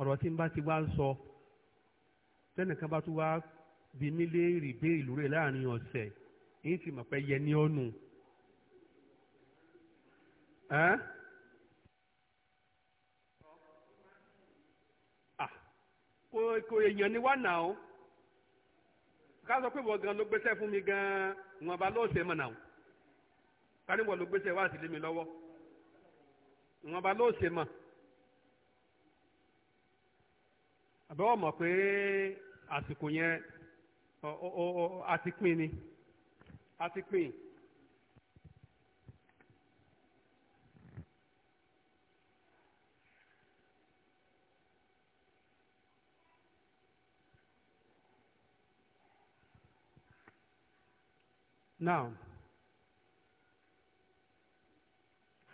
ọ̀rọ̀ tí n bá ti wá ń sọ tẹ́nìkan bá tún wá bí mí léèrè béèrè lórí láàrin ọ̀sẹ̀ èyí tí mọ̀ pé yẹ ní ọ̀nù. kò kò èèyàn ni wá nà ó ká sọ pé wọ́n gan ló gbéṣẹ́ fún mi gan wọn bá lóòsè mọ̀ nà ó ká ní wọ́n ló gbéṣẹ́ wá sí mi lọ́wọ́ wọn bá lóòsè mọ̀. àbẹ́wò mọ̀ pé àsìkò yẹn a ti pín ni a ti pín. Now,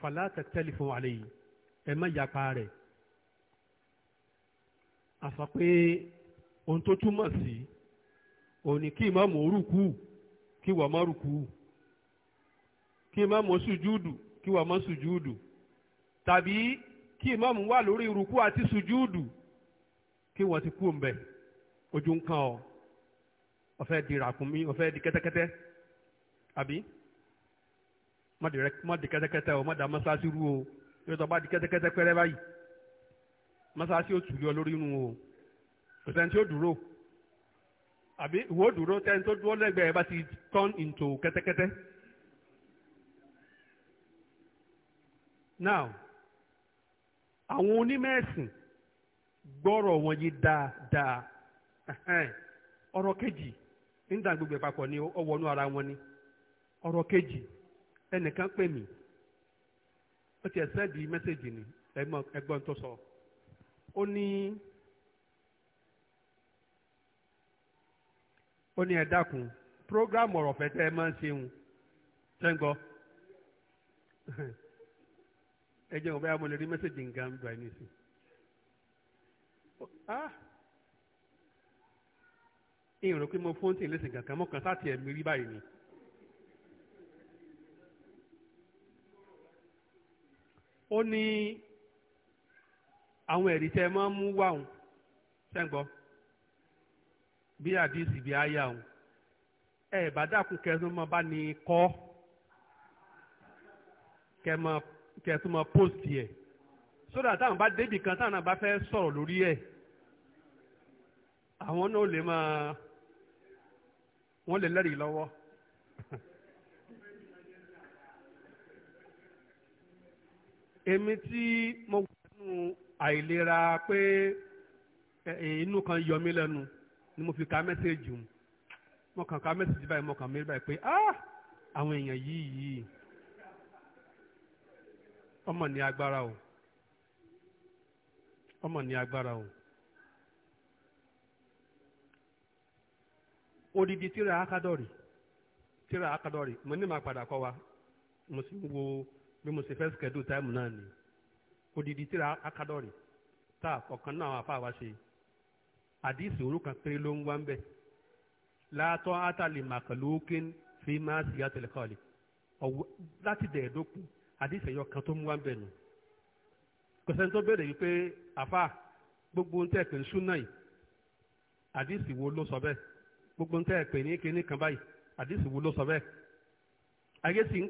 fàlá tẹ̀tẹ́lifọ̀n àlẹ́ yìí ẹ má yapa rẹ̀ àsọ pé ohun tó túmọ̀ sí òun ni kí ìmáàmù orúkú kí wọ́n má rúkú kí ìmáàmù sùjúùdù kí wọ́n má sùjúùdù tàbí kí ìmáàmù wà lórí rúkú àti sùjúùdù kí wọ́n ti kú mbẹ̀ ojú ń kan ọ ọ̀fẹ́ di ràkúnmí ọ̀fẹ́ di kẹ́tẹ́kẹ́tẹ́ àbí má di kẹ́tẹ́kẹ́tẹ́ o má da mọ́sáàsì rú o yóò tó bá di kẹ́tẹ́kẹ́tẹ́ pẹ́rẹ́ báyìí. masa ó tùlú ọ lórí inú o kò sẹ́ni tí ó dúró àbí ìwọ dúró tẹ́ni tó dúró lẹ́gbẹ̀ẹ́ bá ti turn into kẹ́tẹ́kẹ́tẹ́. now àwọn onímẹ̀sìn gbọ́rọ̀ wọn yé dáadáa ọ̀rọ̀ kejì nígbà gbogbo ìpapọ̀ ni ó wọnú ara wọn ni ọ̀rọ̀ kejì ẹnìkan pè mí ó ti sẹ́ẹ̀dì mẹ́sẹ̀gì ni ẹ̀gbọ́n tó sọ. So. ó ní ó ní ẹ dákun prógrámù ọ̀rọ̀ fẹ́ tẹ́ ẹ máa ń ṣeun tẹ́ ń gbọ́ ẹ jẹ́ òbẹ́ amọ̀ lè rí mẹ́sẹ̀gì nǹkan gbà ní ìsìn. ìyẹn rò pé mo fóun tì lẹ́sìn kankan mọ́ kan sáti ẹ̀mí rí báyìí ni. ó ní àwọn ẹ̀rí tẹ́ ẹ máa ń mú wá òun sẹ́ńgbọ́ bí àdìsí bí àyà òun ẹ bá dákun kẹsàn máa bá ní kọ́ kẹsàn máa pósìtì ẹ̀ sódà táwọn bá débì kan táwọn náà bá fẹ́ sọ̀rọ̀ lórí ẹ̀ àwọn náà lè máa wọ́n lè lẹ́rìí lọ́wọ́. èmi tí mo wà nínú àìlera pé inú kan yọ mí lẹ́nu ni mo fi ka mẹ́sẹ̀gì mu mo kàn ka mẹ́sẹ̀gì báyìí mo kàn mí báyìí pé ah àwọn èèyàn yìí yìí ọmọ ní agbára o ọmọ ní agbára o odidi tíra akadọ́rì tíra akadọ́rì mo ní ma padà kọ́ wa mo sì ń wo bí mo sì fẹ́ skẹ́dù táìmù náà nìyí. odidi tíra akadọ́rì tá ọ̀kan náà àwọn afáwa ṣe àdìsí òru kan péré ló ń wá ń bẹ̀ látọ́ átàlì màkàlókín fi máa sì yá tẹ̀lé kọ́ọ̀lì ọ̀wọ́ láti dẹ̀ẹ́dókun àdìsí ẹ̀yọ kan tó ń wá ń nù kọsẹ́ni tó béèrè wípé gbogbo ntɛ tẹ̀pẹ̀ ń súnà yìí àdìsí wo ló gbogbo ntɛ tẹ̀pẹ̀ ní kinní kan báyìí àdìsí wo ló sọ bẹ́ẹ̀ ayé sì ń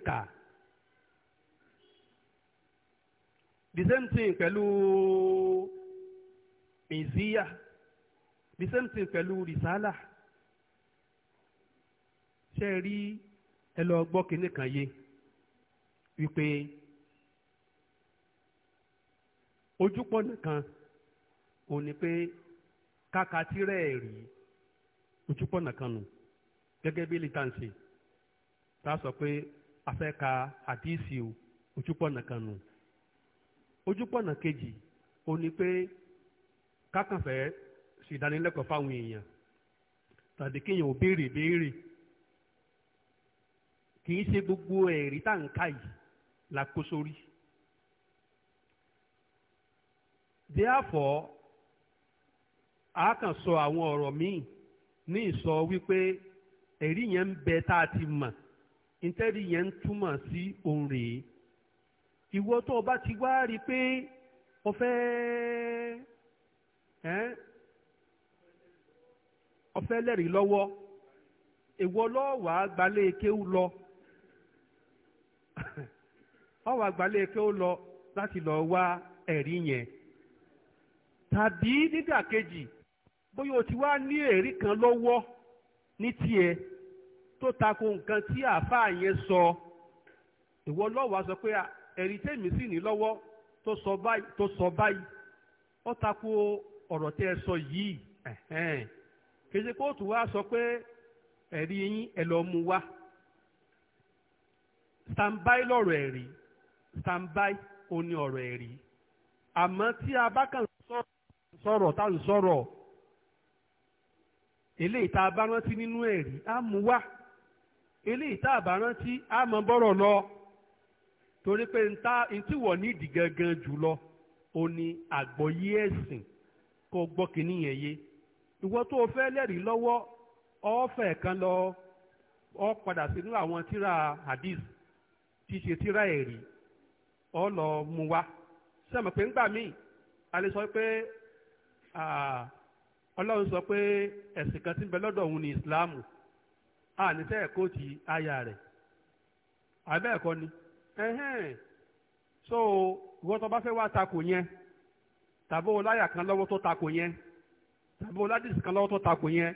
the same thing pẹ̀lú ìzíyà the same thing pẹ̀lú rìsálà ṣe rí ẹ lọ gbọ́ kinní kan yé wípé ojúpọ̀ nìkan ò ní pé káka tirẹ̀ rí ojúpọ̀ nìkan nù gẹ́gẹ́ bí litansi tá sọ pé a fẹ́ ka àdísì ojúpọ̀ nìkan nù. ojúpọ̀nà kejì o ní pé kákànfẹ́ ṣèdánilẹ́kọ̀ọ́ fáwọn èèyàn tàbí kéèyàn ò béèrè béèrè kì gbogbo ẹ̀rí tá à ń yìí la kó therefore a kàn sọ àwọn ọ̀rọ̀ míì ní ìsọ wípé ẹ̀rí yẹn ń bẹ tá ti mọ̀ ntẹ́rí yẹn ń túmọ̀ sí ìwọ tó o bá ti wá rí i pé o fẹ́ ẹ́ lẹ́rìí lọ́wọ́ ìwọ lọ́wọ́ gbalẹ̀ kéwú lọ ọwọ́ gbalẹ̀ kéwú lọ láti lọ wá ẹ̀rí yẹn tàbí nígbà kejì bóyá o ti wá ní ẹ̀rí kan lọ́wọ́ ní tiẹ̀ tó tako nǹkan tí àáfàá yẹn sọ ìwọ lọ́wọ́ sọ pé ẹ̀rí tẹ̀mí sì ní lọ́wọ́ tó sọ báyìí tó ó tako ọ̀rọ̀ ẹ sọ yìí kéde kóòtù wa sọ pé ẹ̀rí yín ẹ lọ mú wá standby lọ̀rọ̀ ẹ̀rí standby ó ní ọ̀rọ̀ ẹ̀rí àmọ́ tí a bá kàn sọ̀rọ̀ tá à ń sọ̀rọ̀ eléyìí tá a bá rántí nínú ẹ̀rí á mú eléyìí tá a bá rántí á mọ bọ́rọ̀ lọ. torí pé nta ntí wọ̀ nídìí gangan jùlọ ó ní àgbọ́yé ẹ̀sìn kó gbọ́ kínní yẹn yé ìwọ tó o fẹ́ lẹ́rìí lọ́wọ́ ọ̀ọ́fẹ́ kan lọ ọ padà sínú àwọn tíra hadith tí ṣe tíra ẹ̀rí ọ lọ mú wa sẹ́mi pé ńgbà míì a lè sọ pé ọlọ́run sọ pé ẹ̀sìn kan tí ń bẹ lọ́dọ̀ òun ní ìsìláàmù a ní sẹ́yẹ̀ aya rẹ̀ àbẹ́ẹ̀kọ́ ni. ẹ̀hẹ́n so ìwọ tó bá fẹ́ wá takò yẹn tàbí o láyà kan lọ́wọ́ tó takò yẹn tàbí o ládìsí kan lọ́wọ́ tó takò yẹn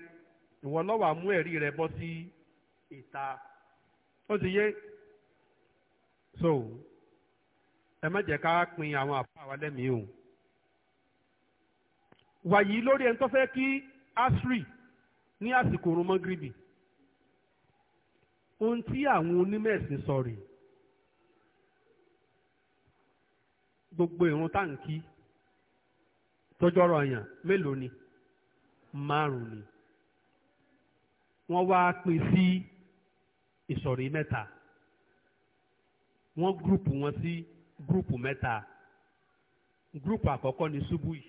ìwọ àmú rẹ bọ́ sí ìta ó ti yé so ẹ má jẹ́ ká pin àwọn àbá wa lẹ́mìí o wàyí lórí ẹni tó fẹ́ kí asri ní àsìkò ohun tí àwọn onímọ̀ ẹ̀sìn gbogbo ìrun táǹkì tọjọ́rọ̀ yàn mélòó ni márùn ni wọ́n wá pín sí ìsọ̀rí mẹ́ta wọ́n gúrùpù wọn sí gúrùpù mẹ́ta gúrùpù àkọ́kọ́ ni subui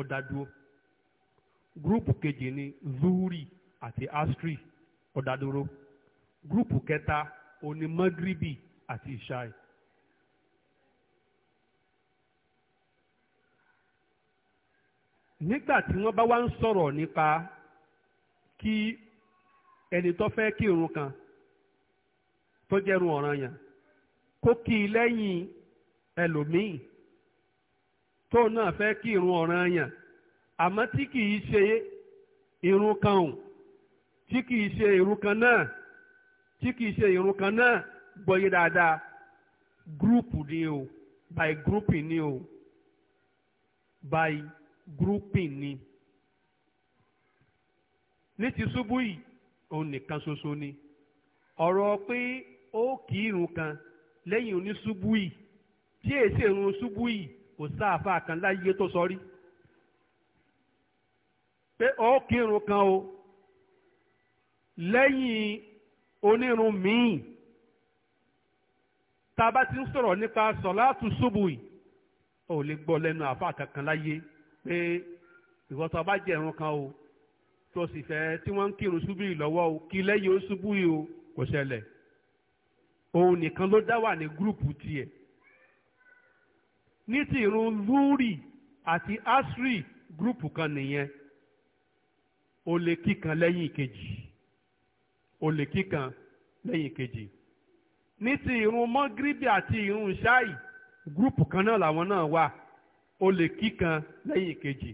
ọ̀dàdúró gúrùpù kejì ni zuhuri àti astri ọ̀dàdúró gúrùpù kẹta oní magribi àti ishai nígbà tí wọ́n bá wá ń sọ̀rọ̀ nípa kí ẹni tó fẹ́ kí irun kan tó jẹ́run ọ̀ranyàn kó kí i lẹ́yìn ẹlòmíì tó náà fẹ́ kí irun ọ̀ranyàn àmọ́ tí kì í ṣe irun kan ò tí kì í ṣe irun kan náà tí kì í ṣe irun kan náà gbọ́yé dáadáa gúrúùpù ni o by grouping ni o by grouping ni ní ti ṣubú yìí òun nìkan ṣoṣo ni ọ̀rọ̀ pé ó kì í irun kan lẹ́yìn oníṣubú yìí tí èsì irun ṣubú yìí kò sáàfà kan láyé tó sọ rí pé ó kì í irun kan o lẹ́yìn onírun míì tá a bá ti ń sọ̀rọ̀ nípa sọ̀láàtù ṣubú yìí ò lè gbọ́ lẹ́nu àfà kankan láyé. pé ìwọ tó bá jẹ̀rún kan o tó sì fẹ́ tí wọ́n ń kírun ṣubúrì lọ́wọ́ o kí lẹ́yìn ó ṣubúrì o kò ṣẹlẹ̀ òun nìkan ló dá wà ní gúrùpù tiẹ̀ ní ti ìrun lúrì àti asri gúrùpù kan nìyẹn o lè kíkan lẹ́yìn kejì o lè kíkan lẹ́yìn kejì ní ti ìrun mọ́gíríbì àti ìrun ṣáì gúrùpù kan náà làwọn náà wà. o lè kí kan lẹ́yìn ìkejì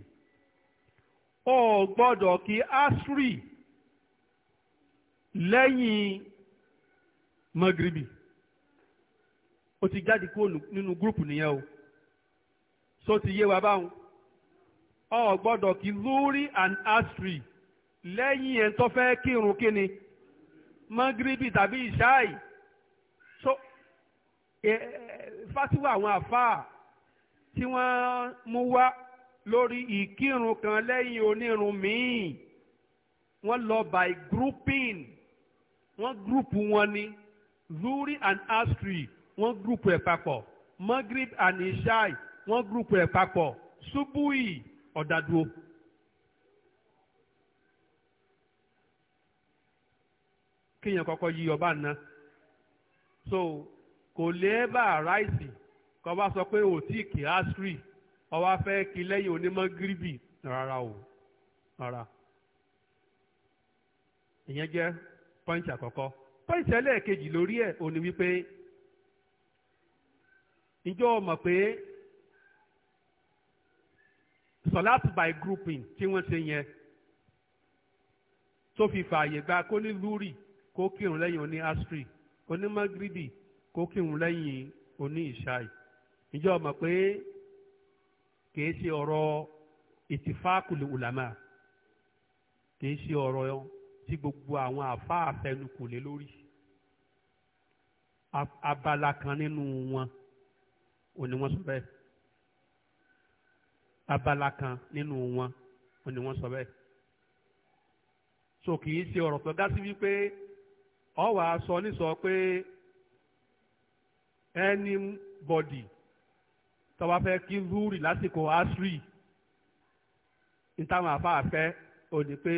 o gbọ́dọ̀ kí asri lẹ́yìn magribi o ti jáde kúrò nínú gúrùpù nìyẹn o so ti yé wa báwọn o gbọ́dọ̀ kí lórí and asri lẹ́yìn ẹ̀ tó fẹ́ kírun kíni mọ́gíríbì tàbí ìṣáì so fásiwọ̀ àwọn àfáà tí wọ́n mú wá lórí ìkírun kan lẹ́yìn onírun míì wọ́n lọ by grouping wọ́n gúrùpù wọn ni zuri and asri wọ́n gúrùpù ẹ̀ papọ̀ magrib and ishai wọ́n gúrùpù ẹ̀ papọ̀ subui ọ̀dàdúró. kéèyàn kọ́kọ́ yí ọba ná so kò lè bá ráìsì kọ́ wá sọ pé ò tí kì á sírì ọ wá fẹ́ kí lẹ́yìn onímọ̀ gíríbì rárá o rárá ìyẹn jẹ́ pọ́ǹtì àkọ́kọ́ pọ́ǹtì ẹlẹ́ẹ̀kejì lórí ẹ̀ òní wípé ǹjọ́ o pé sọ̀láàtì by grouping tí wọ́n ṣe yẹn tó fi fààyè gba kó ní lúrì kó kírun lẹ́yìn oní astri oní magribi kó kírun lẹ́yìn oní ìṣáì ǹjẹ́ o mọ̀ pé kìí ṣe ọ̀rọ̀ ìtìfáàkùlù ulama kìí ṣe ọ̀rọ̀ tí gbogbo àwọn àfáà fẹnukò lé lórí abala kan nínú wọn ò ní wọ́n sọ bẹ́ẹ̀ abala kan nínú wọn ò ní sọ bẹ́ẹ̀ so kìí ṣe ọ̀rọ̀ tó dá sí wípé ọ wàá sọ pé anybody tó bá fẹ́ kí zúrì lásìkò asri nítawọn afáàfẹ́ ò ní pé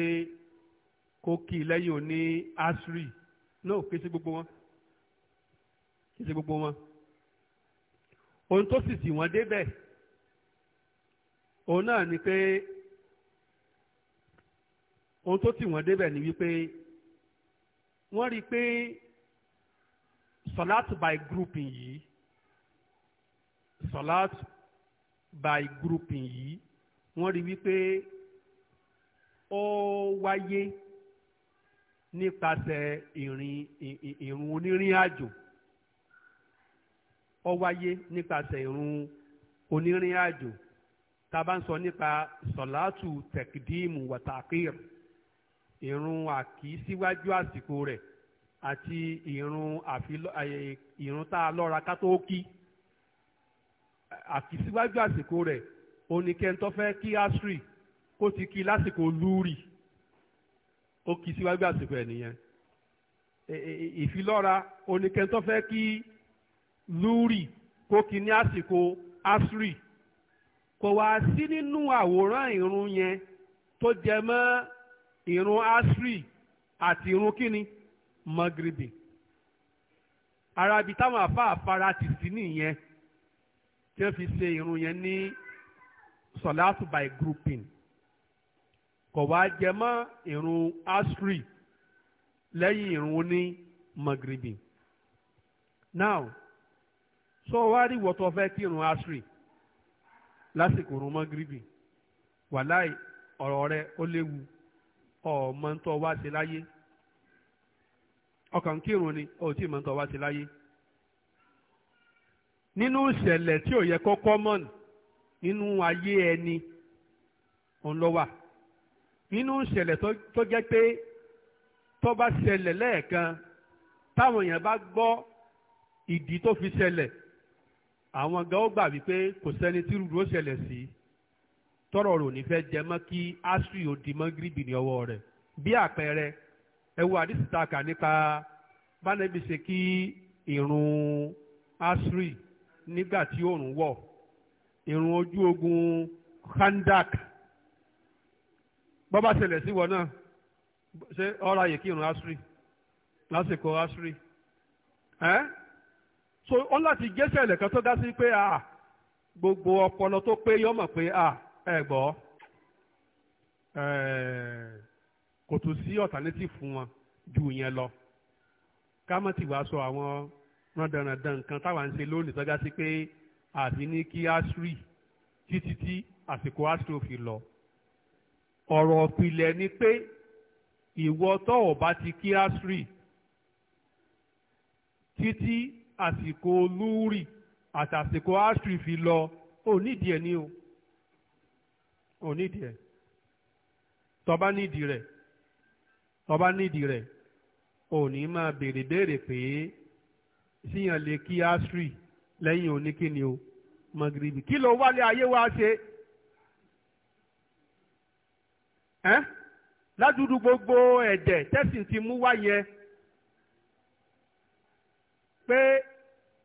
kó kí lẹ́yìn òní asri náà kí sí gbogbo wọn kí sí gbogbo wọn ohun tó sì sì wọ́n débẹ̀ òun náà ni pé ohun tó tì wọ́n débẹ̀ ni wípé wọ́n rí i pé sọ̀láàtù by grouping yìí salat by grouping yìí wọ́n rí wípé ó wáyé nípasẹ̀ ìrìn ìrun onírìn àjò ó wáyé nípasẹ̀ ìrun onírìn àjò tá a bá ń sọ nípa sọ̀látù tẹ̀kídíìmù wàtàkìr ìrun àkísíwájú àsìkò rẹ̀ àti ìrun àfi ìrun tá a lọ́ra ká tó kí àti síwájú àsìkò rẹ̀ oníkẹ́ńtọ́ fẹ́ kí asri kó ti kí lásìkò lúrì ó kí síwájú àsìkò ẹ̀ nìyẹn e, e, e, ìfilọ́ra oníkẹ́ńtọ́ fẹ́ kí lúrì kó kí ní àsìkò asri kò wá sí nínú àwòrán ìrun yẹn tó jẹ mọ́ ìrun asri àti ìrun kíni magribi arabi táwọn àfa ti sí nìyẹn tí wọ́n fi ṣe irun yẹn ní sọ̀láàtù by grouping kò wá jẹ mọ́ irun asri lẹ́yìn irun ní magribi now so wá rí wọ́tọ̀ fẹ́ kí irun asri lásìkò irun magribi wàláì ọ̀rọ̀ rẹ ó léwu ọ̀ọ́mọ́ntọ́ wá ṣe láyé ọkàn kírun ni ó tí mọ́ntọ́ wá ṣe láyé nínú ìṣẹ̀lẹ̀ tí ò yẹ kó common nínú ayé ẹni òun ló wà nínú ìṣẹ̀lẹ̀ tó jẹ́ pé tó bá ṣẹlẹ̀ lẹ́ẹ̀kan táwọn èèyàn bá gbọ́ ìdí tó fi ṣẹlẹ̀ àwọn gan ó gbà wípé kò sẹ́ni tí rúdú ṣẹlẹ̀ sí tọrọ rò ní fẹ́ jẹ mọ́ kí asri òdì mọ́ gíríbì ní ọwọ́ rẹ̀ bí àpẹẹrẹ ẹ wo àdìsítàkà nípa bánẹbí ṣe kí ìrun asri nígbà tí oòrùn wọ̀ ìrùn ojú ogun khandak bọ́bá ṣẹlẹ̀ sí wọn náà ṣé ọ̀rọ̀ ayè kí ìrùn asiri lásìkò asiri ẹ́ so ó láti jẹ́sẹ̀ lẹ́kan tó dá sí pé a gbogbo ọpọlọ tó pé yọ pé a ẹ gbọ́ kò tún sí alternative fún wọn ju ìyẹn lọ ká mọ̀ tí sọ àwọn rándanrandan nǹkan táwa ń ṣe lónìí sọ́jà sí pé àti ní kí asri títí tí àsìkò asri ò fi lọ ọ̀rọ̀ òpìlẹ̀ ni pé ìwọ tó ò bá ti kí asri títí àsìkò lúúrì àtàsìkò asri fi lọ ò nídìí ẹ̀ ní o ò nídìí ẹ̀ tọba nídìí rẹ̀ tọba nídìí rẹ̀ ò ní máa béèrè béèrè pé. síyàn lè kí asri lẹ́yìn oníkíni o magribi kí ló wálé ayé wa ṣe ẹ́ ládùúgbò gbogbo ẹ̀dẹ̀ tẹ́sìn ti mú wáyẹ pé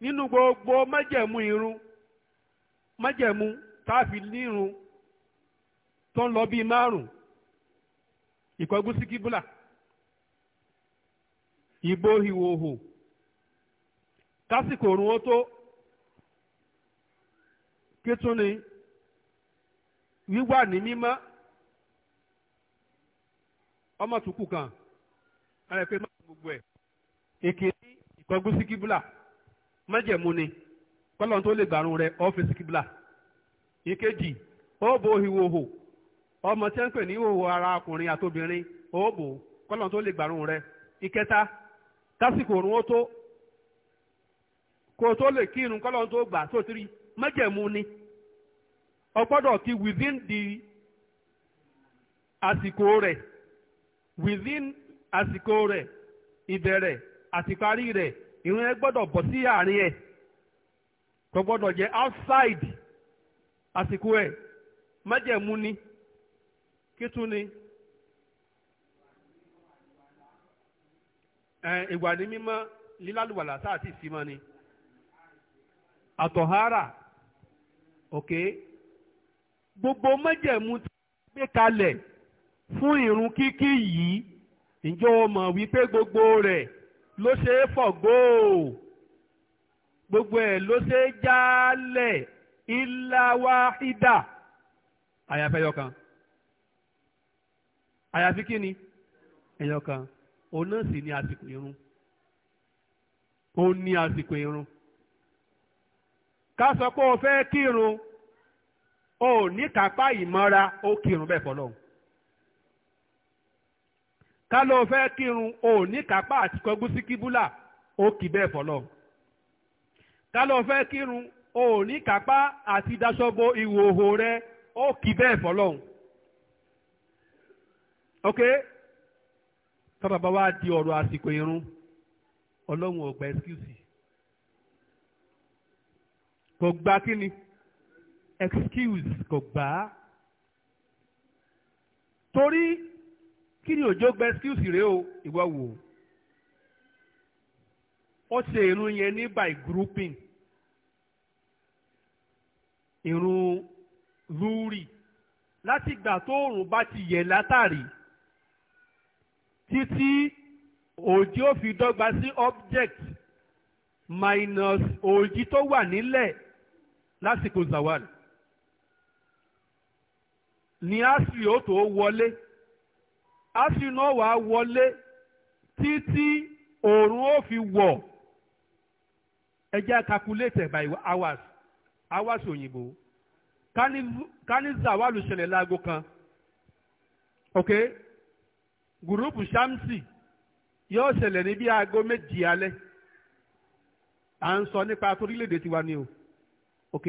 nínú gbogbo májẹ̀mú irun májẹ̀mú táàfi nírun tó ń lọ bíi márùn ìkọ̀gùn sí kíbùlà ìbò ìhòhò. kásìkò òrùn ó tó kí ni wíwà ní mímọ́ ọmọ kan ara máa gbogbo ẹ̀ èké ní ìkọgún sí májẹ̀mú ni kọ́lọ́n tó lè gbàrún ọmọ tí wọ́n pè ní ìhòhò ara ọkùnrin àtobìnrin òòbò kọ́lọ́n tó lè gbàrún ìkẹta kásìkò òrùn kó o tó lè kírun kọ́lọ́n tó gbà tó tiri ni o gbọ́dọ̀ within the àsìkò rẹ̀ within àsìkò rẹ̀ ìbẹ̀rẹ̀ àtìparí rẹ̀ ìrun ẹ gbọ́dọ̀ bọ̀ sí àárín ẹ̀ kò gbọ́dọ̀ jẹ́ outside àsìkò ẹ̀ májẹ̀mú ni kí tún ni. ìwà ní mímọ́ lílálùwàlà sáà tí ì mọ́ ni. àtọ̀hárà ok gbogbo májẹ̀mú tí wọ́n gbé kalẹ̀ fún ìrun kíkí yìí ǹjọ́ o wípé gbogbo rẹ̀ ló ṣe é fọ̀góò gbogbo ẹ̀ ló ṣe é jálẹ̀ illa wahida àyàfi ẹyọkan àyàfi kí ni ẹyọkan òun náà sì ní àsìkò irun òun ní àsìkò irun. ká sọ pé o fẹ́ kírun o ní kápá ìmọ́ra ó kírun bẹ́ẹ̀ fọlọ́hún ká ló fẹ́ kírun o ní kápá àti kọgbú sí kíbúlà ó kì bẹ́ẹ̀ fọlọ́hún ká ló fẹ́ kírun o ní kápá àti daṣọ́bo ìhòòhò rẹ ó kì bẹ́ẹ̀ fọlọ́hún ok tọ́ba bá wá di ọ̀rọ̀ àsìkò irun ọlọ́run ò gba ẹ́síkúsì kò gba kí excuse kò gbà á torí kí ni òjò gba excuse rèé o ìwọ wò ó ṣe irun yẹn ní by grouping irun lúrì láti ìgbà tóòrùn bá ti yẹ̀ látàrí títí òjì ó fi dọ́gba sí object minus òjì tó wà nílẹ̀ lásìkò zawal ní asiri ó tó wọlé asiri náà wàá wọlé títí oòrùn ó fi wọ̀ ẹ jẹ́ calculate by hours hours òyìnbó ká ní zawalu ṣẹlẹ̀ láago kan ok gurupu shamsi yóò ṣẹlẹ̀ ní bí aago méjì alẹ́ à ń sọ nípa torílẹ̀-èdè tiwa ni o ok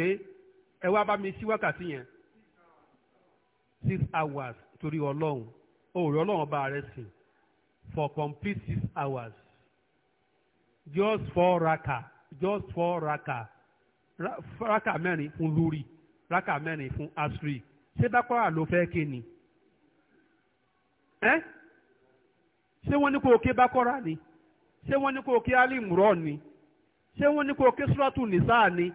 ẹ wá bá mi sí wákàtí yẹn six hours torí ọlọ́run òòrè ọlọ́run ọba rẹ sìn for complete six hours just four raka just four raka Ra, raka mẹ́rin fún lórí raka mẹ́rin fún asiri ṣé bákọ́rà ló fẹ́ ké ni ẹ́ ṣé wọ́n ní kó o ké bákọ́rà ni ṣé wọ́n ní kó o ké alimurọ́ ni ṣé wọ́n ní kó o ké suratu nisa ni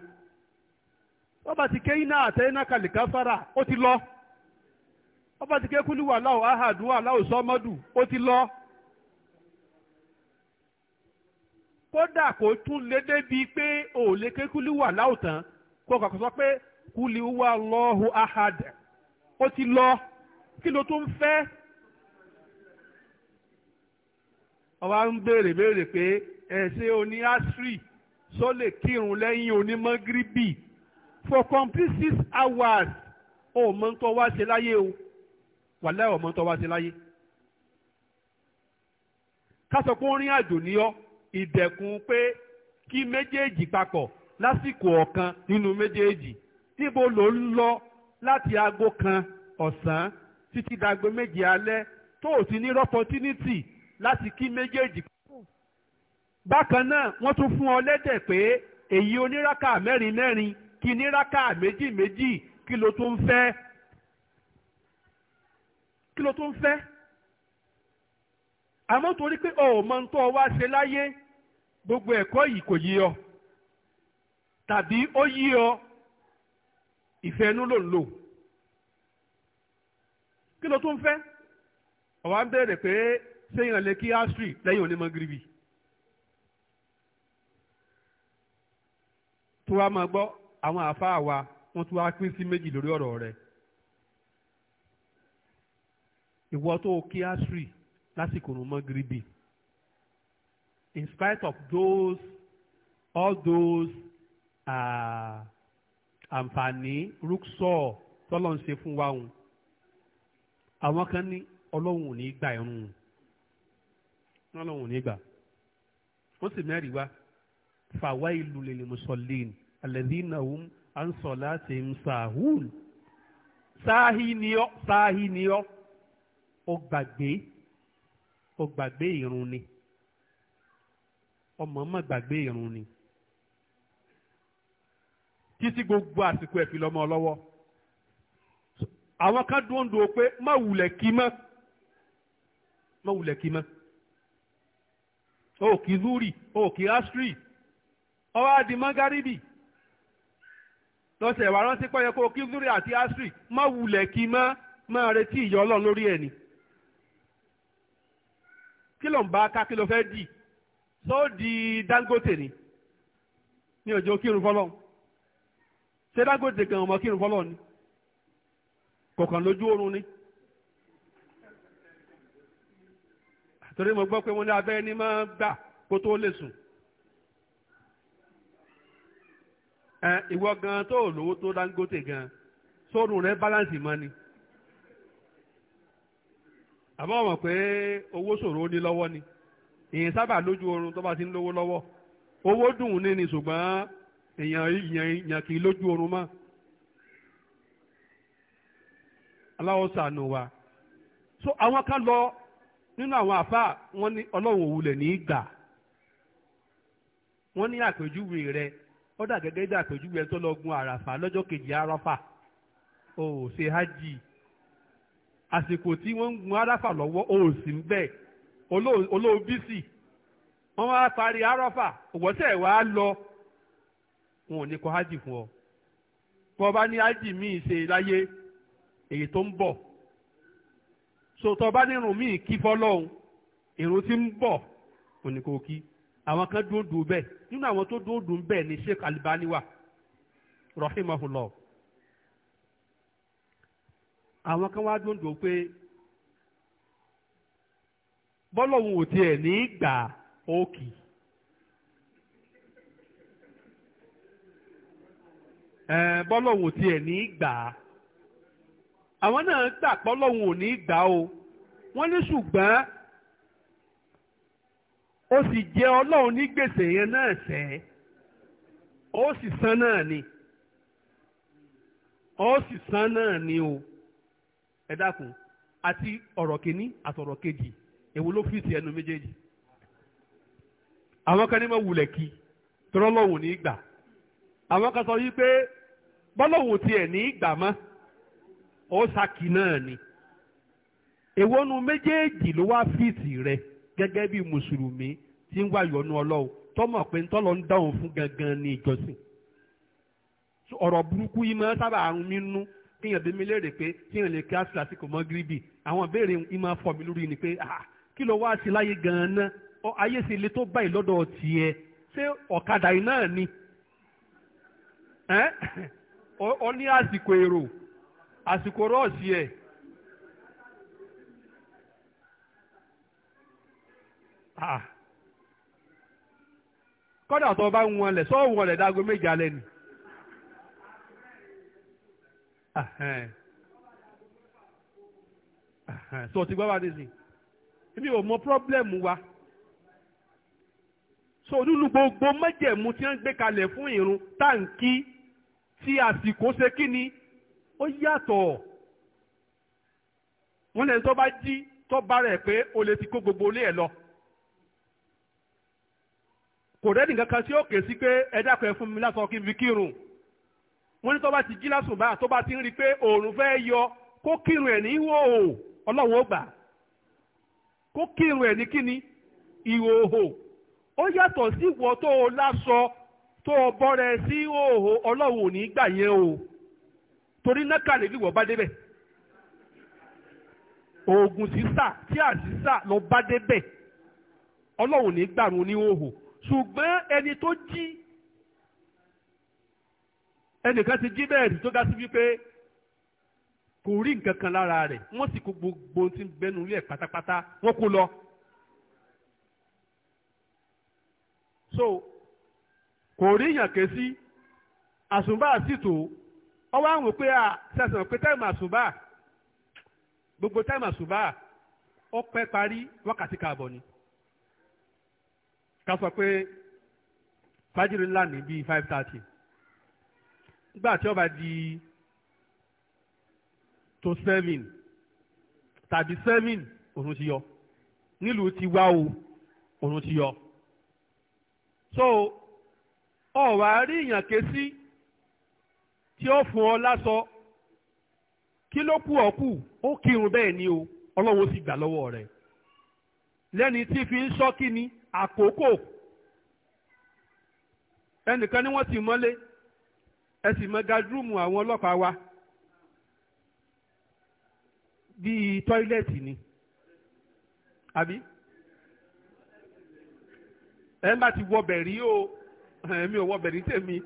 wọ́n bá ti ké iná àtẹ́yìnà kàlìkà fara ó ti lọ wọ́n bá ti ké kúlúwà láwọ̀ ahàdùn aláwọ̀ sọ́mọ́dù ó ti lọ. kódà kò tún lé débi pé ò lè ké kúlúwà láwọ̀ tán kó kàkó sọ pé kúlúwà lọ́hùn ahàd ó ti lọ kí ló tún fẹ́. ọba ń béèrè béèrè pé ẹ̀ ṣe oní asiri sọ lè kírun lẹ́yìn onímọ̀ gíríbì for complete six hours ó mọ ń tọ́ ṣe láyé o wàlẹ́ ọ̀ mọ ń tọ́ wá ṣe láyé. kásọ̀ pé orin àjò ní ọ ìdẹ̀kùn pé kí méjèèjì papọ̀ lásìkò ọ̀kan nínú méjèèjì níbo ló ń lọ láti aago kan ọ̀sán títí dàgbé méje alẹ́ tó ò ti ní rọ́pọ́tínítì láti kí méjèèjì. bákan náà wọ́n tún fún ọ lẹ́dẹ̀ pé èyí oníraka mẹ́rin mẹ́rin kí ní rákà méjì méjì kí ló tún fẹ́ kí ló tún fẹ́ àmọ́ torí pé ọ̀ mọ tó wá ṣe láyé gbogbo ẹ̀kọ́ yìí kò yí ọ tàbí ó yí ọ ìfẹ́ inú ló ń lò kí ló tún fẹ́ ọ̀wá ń bẹ̀rẹ̀ pé sẹ́yìn àlẹ́ kí áṣírí lẹ́yìn onímọ̀ gíríbì tó wá máa gbọ́ àwọn àáfàá wa wọ́n tún wá pín sí méjì lórí ọ̀rọ̀ rẹ̀ ìwọ tó kí asri lásìkò rùn mọ́ gíríbì in spite of those all those uh, àǹfààní rúksọ tọ́lọ́ ń ṣe fún wa òun àwọn kan ní ọlọ́run ò ní gbà irun ọlọ́run ò ní gbà wọ́n sì mẹ́rìí wá fàwa ìlú lè lè mú sọ léènì alladhina hum an salatihim sahun sáàhí ni ọ́ sáàhí ni ọ́ ó gbàgbé ó gbàgbé ìrun ni ọmọ ọmọ gbàgbé ìrun ni títí gbogbo àsìkò ẹ̀ fi lọ́mọ lọ́wọ́ àwọn kan dúró ń do pé má wulẹ̀ kí mọ́ má wulẹ̀ kí mọ́ ó kí zuri ó kí astri ó wá di mangaribi lọ́sẹ̀ wà rántí pẹ́yẹ kó kí zuri àti asri má wulẹ̀ kí má má retí ìyọ́ ọlọ́run lórí ẹ̀ ni. kí ló ń bá ká kí ló fẹ́ dì tó di dangote ni ní ọjọ́ kírun fọlọ́n ṣé dangote kan ọmọ kírun fọlọ́n ni kọ̀ọ̀kan lójú oorun ni. torí mo gbọ́ pé mo ní abẹ́ ẹni máa gbà kó tó lè sùn ìwọ gan tó lówó tó Dangote gan sórun rẹ balance mọ ni àmọ́ mọ̀ pé owó ṣòro ní lọ́wọ́ ni èèyàn sábà lójú oorun tó bá ti ń lówó lọ́wọ́ owó dùn ní ni ṣùgbọ́n èèyàn yàn kì í lójú oorun mọ́ aláwọ̀ sànù wa so àwọn kan lọ nínú àwọn àfa wọn ní ọlọ́run òwúlẹ̀ ní í gbà wọ́n ní àpèjúwe rẹ̀ ó dà gẹ́gẹ́ bí àpèjúwe tó lọ gun àràfà lọ́jọ́ kejì àràfà o ò ṣe hajj àsìkò tí wọ́n ń gun àràfà lọ́wọ́ o ò sí ń bẹ̀ olóòbísì wọ́n wá parí àràfà òwòsẹ̀ wá lọ wọn ò ní kọ hajj fún ọ bọ́ bá ní hajj míì ṣe láyé èyí tó ń bọ̀ sọtọ́ bá nírun míì kí fọ́lọ́hún èrò tí ń bọ̀ òní kò kí. àwọn kan dúndùn bẹ́ẹ̀ nínú àwọn tó dúndùn bẹ́ẹ̀ ni Sheikh Albani wa rahimahullah àwọn kan wá dúndùn pé bọ́lọ̀hún ò tiẹ̀ ní í gbà ókì. bọ́lọ̀hún ò tiẹ̀ ní í gbà á àwọn náà gbà pọ́lọ́hún ò ní í gbà ó wọ́n ní ṣùgbọ́n ó sì jẹ ọlọ́run ní gbèsè yẹn náà sẹ́ ó sì san náà ni ó sì san náà ni o ẹ dákun àti ọ̀rọ̀ kìíní àtọ̀rọ̀ kejì èwo ló fi ti ẹnu méjèèjì àwọn kan ní ma wulẹ̀ kí tọ́lọ́lọ́hùn ní gbà àwọn kan sọ yí pé bọ́lọ́hùn tiẹ̀ ní gbà mọ́ ó sàkí náà ni èwo nu méjèèjì gẹ́gẹ́ bí mùsùlùmí tí ń wá yọ́nú ọlọ́run tọ́mọ̀ pé ntọ́lọ́ ń dáhùn fún gangan ní ìjọsìn ọ̀rọ̀ burúkú yìí máa sábà àrùn mi nú kíyàn bí mi léèrè pé kíyàn lè kí á sílá síkò mọ́ gíríbì àwọn ìbéèrè yìí máa fọ̀ mí lórí ni pé ah, kí ló wá sí láyé gan ná ayé sì le tó báyìí lọ́dọ̀ tiẹ̀ ṣé ọ̀kadà yìí náà ni ó ní àsìkò èrò àsìkò rọ́ọ̀sì ẹ̀ kọ́dà tó bá ń wọlẹ̀ sọ́ọ́ wọlẹ̀ dáago méje alẹ́ ni so ti gbọ́ wa ní sìn èmi ò mọ pírọ́blẹ́mù wa so nínú gbogbo mẹ́jẹ̀mú tí wọ́n gbé kalẹ̀ fún ìrun táǹkì tí àsìkò ṣe kí ni ó yàtọ̀ wọ́n lẹ́nu tó bá jí tó bá rẹ̀ pé o lè ti kó gbogbo ilé ẹ̀ lọ kò rẹ́ẹ̀dì kankan tí sí pé ẹ dákun ẹ fún mi lásán kí n fi kírun wọ́n ti jí tó ti rí pé òòrùn fẹ́ yọ kó kírun ẹ̀ ní ìhòòhò ọlọ́run ó gbà kó kírun ẹ̀ ní kíni ìhòòhò ó yàtọ̀ sí ìwọ tó o tó o sí ìhòòhò ọlọ́run o torí wọ́n bá débẹ̀ oògùn sísà tí àṣìṣà lọ bá débẹ̀ ọlọ́run ò ní ṣùgbọ́n ẹni tó jí ẹnìkan ti jí bẹ́ẹ̀ rí tó ga sí wípé kò rí nǹkan kan lára rẹ̀ wọ́n sì kó gbogbo tí ń bẹnu ilé ẹ̀ pátápátá wọ́n kó lọ. so kò rí yàn ké sí àsùnbà sì tó ọwọ́ àwọn pé à sẹ̀sán pé táìmù àsùnbà gbogbo táìmù àsùnbà ó pẹ́ parí wákàtí kààbọ̀ ni ká sọ pé fájìrì ńlá ní bíi five thirty nígbà tí ó di tó seven tàbí seven òun ti yọ nílùú ti wá o òun ti yọ so ọ̀wá rí ìyàn ké sí tí ó fún ọ lásọ kí ló kú ọ kù ó kírun bẹ́ẹ̀ ni o ọlọ́wọ́ sì gbà lọ́wọ́ rẹ̀ lẹ́ni tí fi ń sọ kí ni àkókò ẹnìkan ni wọ́n ti mọ́lé ẹ sì mọ gadrúmù àwọn ọlọ́pàá wa bíi tọ́ílẹ̀tì ni àbí ẹ má ti wọbẹ̀ rí o èmi ò wọbẹ̀ rí tèmi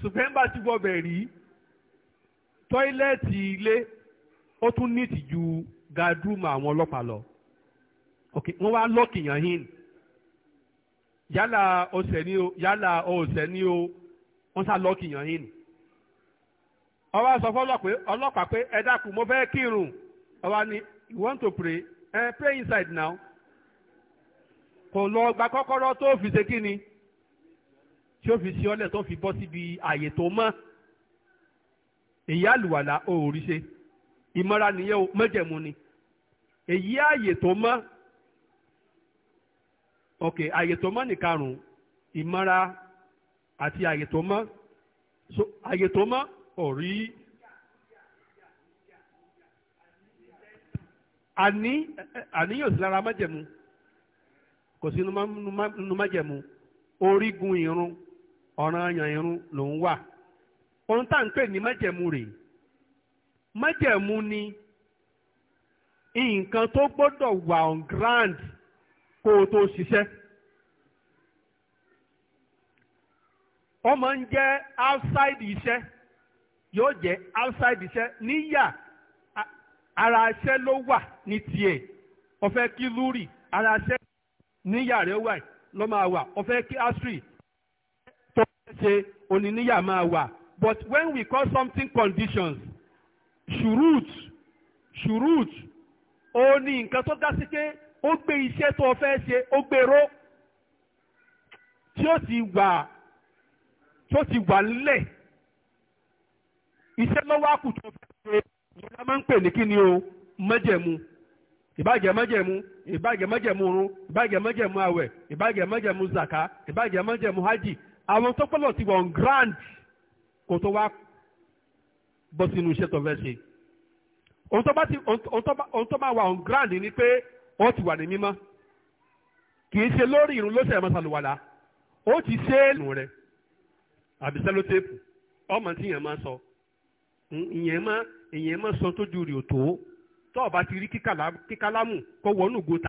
ṣùgbọ́n ẹ má ti wọbẹ̀ rí tọ́ílẹ̀tì ilé ó tún níìtì ju gadrúmù àwọn ọlọ́pàá lọ ok wọ́n wá lọ́ọ̀kì yàn yín ni yálà ọ̀sẹ̀ ni o yálà ọ̀sẹ̀ ni o wọ́n sá lọ́ọ̀kì yàn yín ni. ọba sọ fún ọlọ́pàá pé ẹ dákun mo fẹ́ kírun ọba ni you want to pray eh, pray inside now. kò lọ gba kọ́kọ́rọ́ tó fi ṣe kí ni tí ó fi ṣe ọlẹ̀ tó fi bọ́ síbi àyè tó mọ́ èyí àlùwàlà òòrí ṣe ìmọ̀ra nìyẹn o mọ́jẹ̀mú ni èyí àyè tó mọ́ ok àyè tó mọ́ nìkarùn ìmọ́ra àti àyè tó mọ́ so àyè tó mọ́ ò rí àní àníyàn sí lára májẹ̀mú kò sí nínú májẹ̀mú orígun irun ọ̀ranyàn irun ló ń wà ohun tá à ń pè ní májẹ̀mú rèé májẹ̀mú ni nǹkan tó gbọ́dọ̀ wà on ground kó o tó ṣiṣẹ́. ó máa ń jẹ́ outside iṣẹ́ yóò jẹ́ outside iṣẹ́ níyà ara iṣẹ́ ló wà ní tiẹ̀ ó kí lúrì ara iṣẹ́ níyà rẹ̀ wà ló máa wà ó fẹ́ kí astri tó ṣe oníníyà máa wà but when we call something conditions shurut shurut ó ní nǹkan tó dá sí pé ó gbé iṣẹ́ tó fẹ́ ṣe ó gbèrò tí ó ti wà ti wà nílẹ̀ iṣẹ́ lọ́wọ́ àkùtọ̀ fẹ́ ṣe ìyẹn máa ń pè ní ni o májẹ̀mú ìbàjẹ́ májẹ̀mú ìbàjẹ́ májẹ̀mú orun ìbàjẹ́ májẹ̀mú àwẹ̀ ìbàjẹ́ zaka ìbàjẹ́ hajj àwọn tó ti grand kò tó wá bọ́ sínú iṣẹ́ tó fẹ́ ṣe òun tó on grand ni ó ti wà ní mímọ́ kì í ṣe lórí irun lóṣẹ̀ mọ́sálùwàlà ó ti ṣe é nù rẹ̀ àbí sẹ́lótéèpù ọmọ tí yẹn máa sọ ìyẹn máa ìyẹn máa sọ tójú rè tó tó o bá ti rí kíkàlámù kó wọnú gòtà.